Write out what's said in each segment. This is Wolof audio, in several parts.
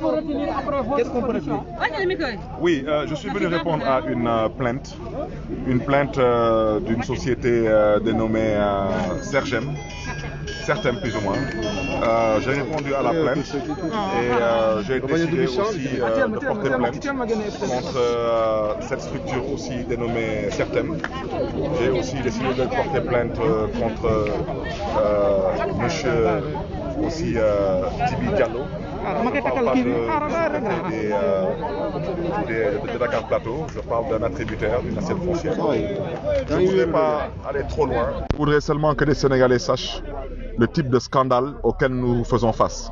peut retenir après votre audition Oui, euh, je suis venu répondre à une euh, plainte, euh, d'une société euh, dénommée euh, Sergem, certaines plus ou moins. j'ai répondu à la plainte et j'ai décidé aussi ah, de porter plainte contre cette structure aussi dénommée Certem. J'ai aussi décidé de porter plainte contre monsieur Tibi Diallo. ma koy takkal kii je voudrais seulement que les Sénégalais sachent le type de scandale auquel nous faisons face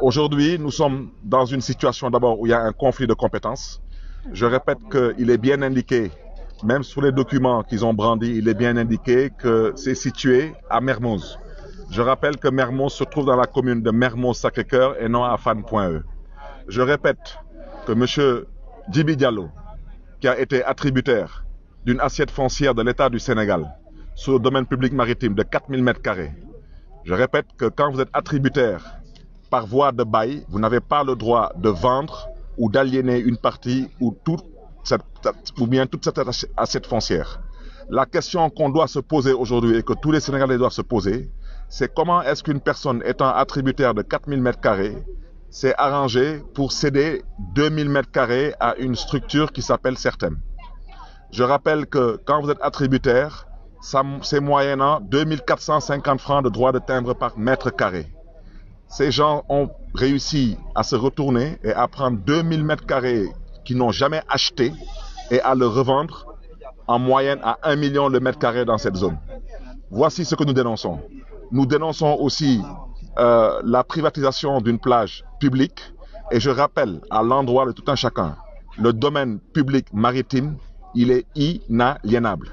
aujourd'hui nous sommes dans une situation d'abord où il y a un conflit de compétences je répète qu'il est bien indiqué même sur les documents qu'ils ont brandis il est bien indiqué que c'est situé à Mermoz Je rappelle que Mermont se trouve dans la commune de Mermont-Sacré-Cœur et non à Fan.e. Je répète que M. Djibi Diallo, qui a été attributaire d'une assiette foncière de l'État du Sénégal sur le domaine public maritime de 4000 m2, je répète que quand vous êtes attributaire par voie de bail, vous n'avez pas le droit de vendre ou d'aliéner une partie ou, toute cette, ou bien toute cette assiette foncière. La question qu'on doit se poser aujourd'hui et que tous les Sénégalais c'est comment est-ce qu'une personne étant attributaire de 4000 mètres carrés s'est arrangée pour céder 2000 mètres carrés à une structure qui s'appelle Certem. Je rappelle que quand vous êtes attributaire, c'est moyennant 2450 francs de droits de timbre par mètre carré. Ces gens ont réussi à se retourner et à prendre 2000 mètres carrés qu'ils n'ont jamais acheté et à le revendre en moyenne à million le mètre carré dans cette zone. Voici ce que nous dénonçons. Nous dénonçons aussi euh, la privatisation d'une plage publique et je rappelle à l'endroit de tout un chacun, le domaine public maritime, il est inaliénable.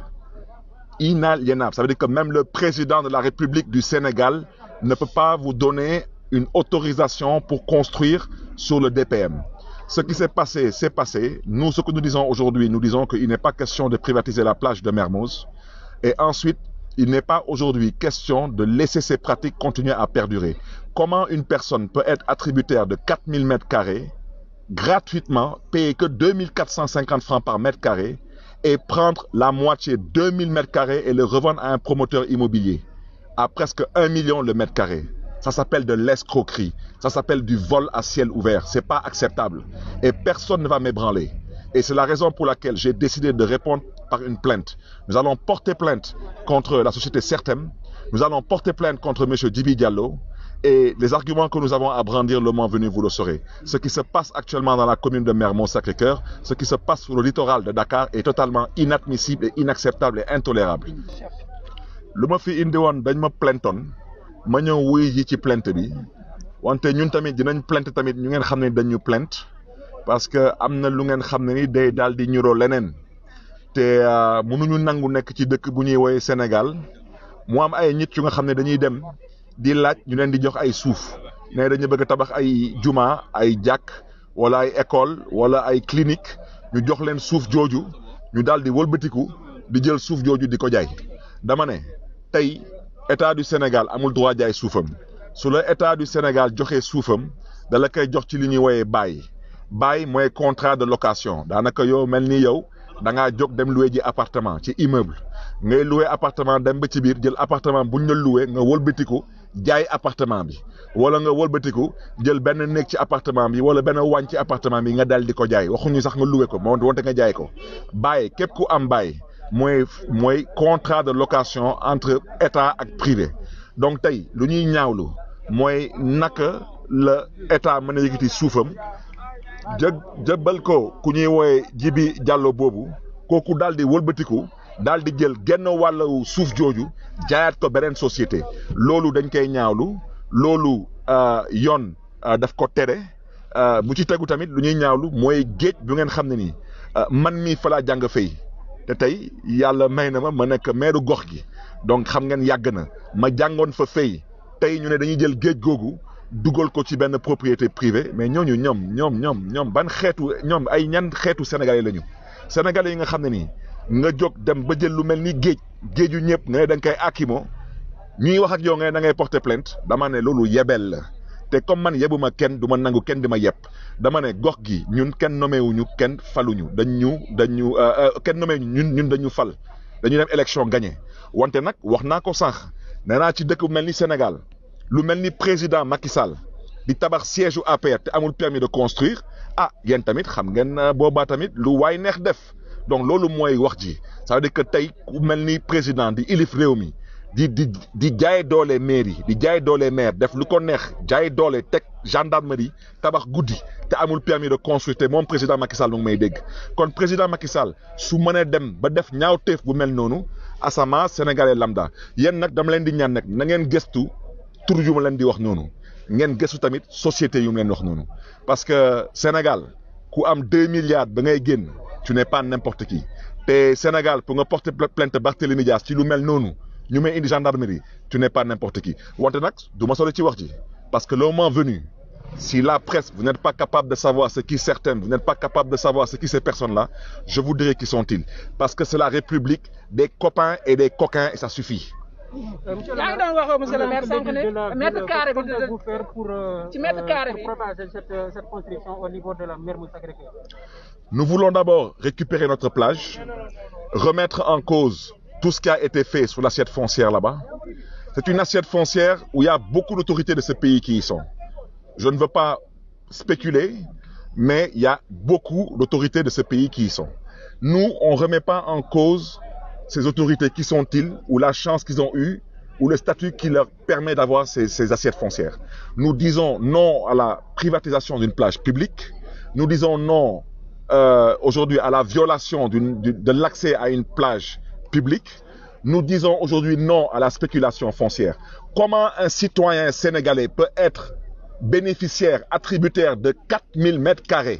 Inaliénable. Ça veut dire que même le président de la République du Sénégal ne peut pas vous donner une autorisation pour construire sur le DPM. Ce qui s'est passé, s'est passé. Nous, que nous disons aujourd'hui, nous disons qu'il n'est pas question de privatiser la plage de Mermoz. Et ensuite, Il n'est pas aujourd'hui question de laisser ces pratiques continuer à perdurer. Comment une personne peut être attributaire de 4000 mètres carrés gratuitement, payer que 2450 francs par mètre carré et prendre la moitié, 2000 mètres carrés et le revendre à un promoteur immobilier à presque 1 million le mètre carré. Ça s'appelle de l'escroquerie. Ça s'appelle du vol à ciel ouvert. C'est pas acceptable. Et personne ne va m'ébranler. Et c'est la raison pour laquelle j'ai décidé de répondre par une plainte. Nous allons porter plainte contre la société Certem. Nous allons porter plainte contre M. Dibi Diallo. Et les arguments que nous avons à brandir le moment venu, vous le saurez. Ce qui se passe actuellement dans la commune de Mermont-Sacré-Cœur, ce qui se passe sur le littoral de Dakar est totalement inadmissible et inacceptable et intolérable. lu ma fi indi woon dañ ma plaintoon ma ji ci plainte bi wante ñun tamit dinañ plainte tamit ñu ngeen xam ne dañu plainte parce que am na lu ngeen xam ne nii day daal di ñuroo leneen te euh, mënuñu nangu nekk ci dëkk bu ñuy woowee Sénégal mu am ay nit yu nga xam ne dañuy dem di laaj ñu leen di jox ay suuf ne dañu bëgg tabax ay juma ay jàkk wala ay école wala ay clinique ñu jox leen suuf jooju ñu daal di wëlbatiku di jël suuf jooju di ko jaay dama ne tey état du Sénégal amul droit jaay suufam su la état du Sénégal joxe suufam dala koy jox ci li ñuy woyee bàyyi bail mooy contrat de location daanaka yow mel nii yow da ngaa jóg dem luwe ji appartement ci immeuble ngay loué appartement dem ba ci biir jël appartement buñ la loué nga wëlbatiku jaay appartement bi wala nga wëlbatiku jël benn néeg ci appartement bi wala benn wàññ ci appartement bi nga dal di ko jaay waxuñu sax nga loué ko moo wante nga jaay ko bail képp ku am bail mooy mooy contrat de location entre état ak privé donc tey lu ñuy ñaawlu mooy naka la état mën a yëkkati suufam jë jëbal ko ku ñuy wooye Jibi Jàllo boobu kooku daal di wëlbatiku daal di jël genn wàllu suuf jooju jaayaat ko beneen société loolu dañ koy ñaawlu loolu euh, yoon euh, daf ko tere euh, bu ci tegu tamit lu ñuy ñaawlu mooy géej bu ngeen xam ne nii man mii falaa jàng fay te tey yàlla may na ma ma nekk meeru gox gi donc xam ngeen yàgg na ma jàngoon fa fay tey ñu ne dañuy jël géej googu dugal ko ci benn propriété privée mais ñooñu ñoom ñoom ñoom ñoom ban xeetu ñoom ay ñan xeetu sénégalais lañu sénégalais yi nga xam ne nii nga jóg dem ba jël lu mel ni géej géeju ñëpp nga ne da nga koy ñuy wax ak yow nga ne da ngay porter plainte dama ne loolu yebel la te comme man yebuma kenn du ma nangu kenn di ma yeb dama ne gox gi ñun kenn nomewuñu kenn faluñu dañ ñu dañ ñu euh, euh, kenn nomewuñu ñun ñun dañu fal dañuy dem élection gagné wante nag wax naa ko sànq nee naa ci dëkk mel ni Sénégal. lu mel ni président Macky di tabax siège u te amul permis de construire ah yéen tamit xam ngeen euh, boobaa tamit lu waay neex def donc loolu mooy wax ji ça veut dire que tey ku mel ni président di ilif réew mi di di di jaay doole maire yi di jaay doole maire def lu ko neex jaay doole teg gendarmerie tabax guddi te amul permis de construire te moom président Macky Sall mu may dégg kon président Macky Sall su mënee dem ba def ñaaw téef bu mel noonu asama sénégalais lambda yéen nag dama leen di ñaan nag na ngeen gëstu. tur yu ma leen di wax noonu ngeen gëstu tamit société yu mu leen wax noonu parce que Sénégal ku am deux milliards ba ngay génn tu ne pa n'importe qui te Sénégal pour nga porter plainte Barthélémy Dias ci lu mel noonu ñu me indi gendarmerie tu n'es pas n'importe qui wante nag du ma solo ci wax ji parce que le moment venu si la presse vous n'êtes pas capable de savoir ce qui certains vous n'êtes pa capable de savoir ce qui ces personnes je vous dirai qui sont-ils parce que c'est la république des copains et des coquins yaa ngi doon waxoo euh, ci mètre euh, carré euh, nous voulons d'abord récupérer notre plage remettre en cause tout ce qui a été fait sur l'assiette foncière là c'est une assiette foncière où il y a beaucoup d'autorités de ce pays qui y sont je ne veux pas spéculer mais il y a beaucoup d'autorités de ce pays qui y sont nous on remet pas en cause ces autorités qui sont-ils, ou la chance qu'ils ont eue, ou le statut qui leur permet d'avoir ces, ces, assiettes foncières. Nous disons non à la privatisation d'une plage publique, nous disons non euh, aujourd'hui à la violation d de l'accès à plage publique, nous disons aujourd'hui non à la spéculation foncière. Comment un citoyen sénégalais peut être bénéficiaire, attributaire de 4000 mètres carrés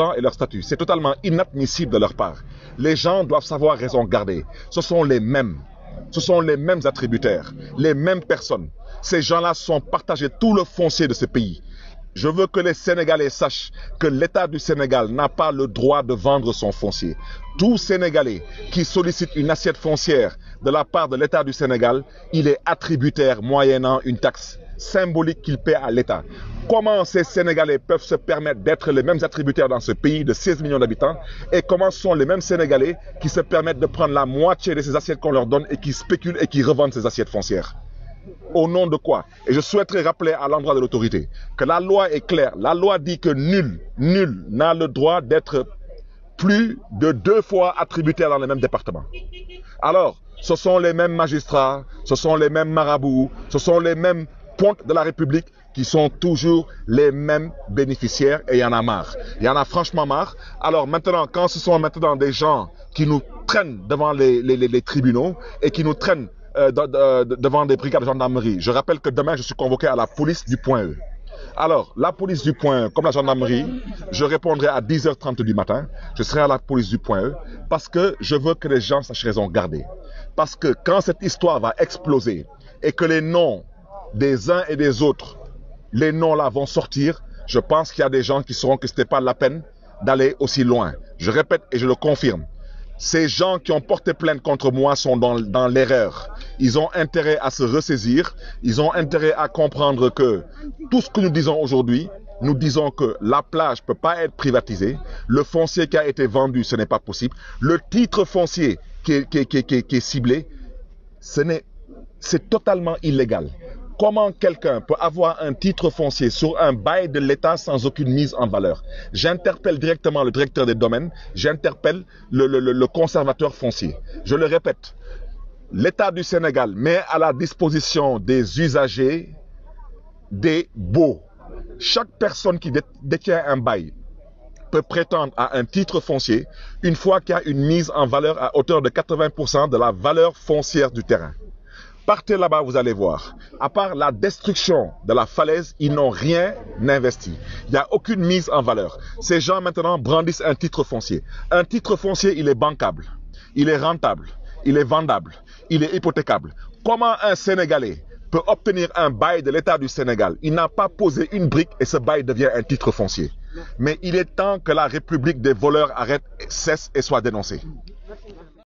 rang et leur statut. C'est totalement inadmissible de leur part. Les gens doivent savoir raison garder. Ce sont les mêmes. Ce sont les mêmes attributaires, les mêmes personnes. Ces gens-là sont partagés tout le foncier de ce pays. Je veux que les Sénégalais sachent que l'État du Sénégal n'a pas le droit de vendre son foncier. Tout Sénégalais qui sollicite une assiette foncière de la part de l'État du Sénégal, il est attributaire moyennant une taxe symbolique qu'il paie à l'État. Comment ces Sénégalais peuvent se permettre d'être les mêmes attributaires dans ce pays de 16 millions d'habitants et comment sont les mêmes Sénégalais qui se permettent de prendre la moitié de ces assiettes qu'on leur donne et qui spéculent et qui revendent ces assiettes foncières au nom de quoi Et je souhaiterais rappeler à l'endroit de l'autorité que la loi est claire. La loi dit que nul, n'a le droit d'être plus pontes de la République qui sont toujours les mêmes bénéficiaires et il y en a marre. Il y en a franchement marre. Alors maintenant, quand ce sont maintenant des gens qui nous traînent devant les, les, les tribunaux et qui nous traînent euh, de, de, devant des brigades de gendarmerie, je rappelle que demain, je suis convoqué à la police du point E. Alors, e, comme la gendarmerie, je répondrai à 10h30 du matin. Je e parce que je veux que les Parce que quand cette histoire va exploser et que les noms des uns et des autres. Les noms là vont sortir. Je pense qu'il y a des gens qui sauront que ce n'était pas la peine d'aller aussi loin. Je répète et je le confirme. Ces gens qui ont porté plainte contre moi sont dans, dans l'erreur. Ils ont intérêt à se ressaisir. Ils ont intérêt à comprendre que tout ce que nous disons aujourd'hui, nous disons que la plage ne peut pas être privatisée. Le foncier qui a été vendu, ce n'est pas possible. Le titre foncier qui est, qui est, est, qui est ciblé, c'est Comment quelqu'un peut avoir un titre foncier sur un bail de l'État sans aucune mise en valeur? J'interpelle directement le directeur des domaines, j'interpelle le, le, le conservateur foncier. Je le répète, du Sénégal met à la disposition des usagers des baux. Chaque personne qui détient un bail peut prétendre à titre foncier une fois a une en valeur à hauteur de 80% de la valeur foncière du terrain. Partez là-bas, vous allez voir. À part la destruction de la falaise, ils n'ont rien investi. Il n'y a aucune mise en valeur. Ces gens maintenant brandissent un titre foncier. Un titre foncier, il est bancable, il est rentable, il est vendable, il est hypothécable. Comment un Sénégalais peut obtenir un bail de l'État du Sénégal Il n'a pas posé une brique et ce bail devient un titre foncier. Mais il est temps que la République des voleurs arrête, cesse et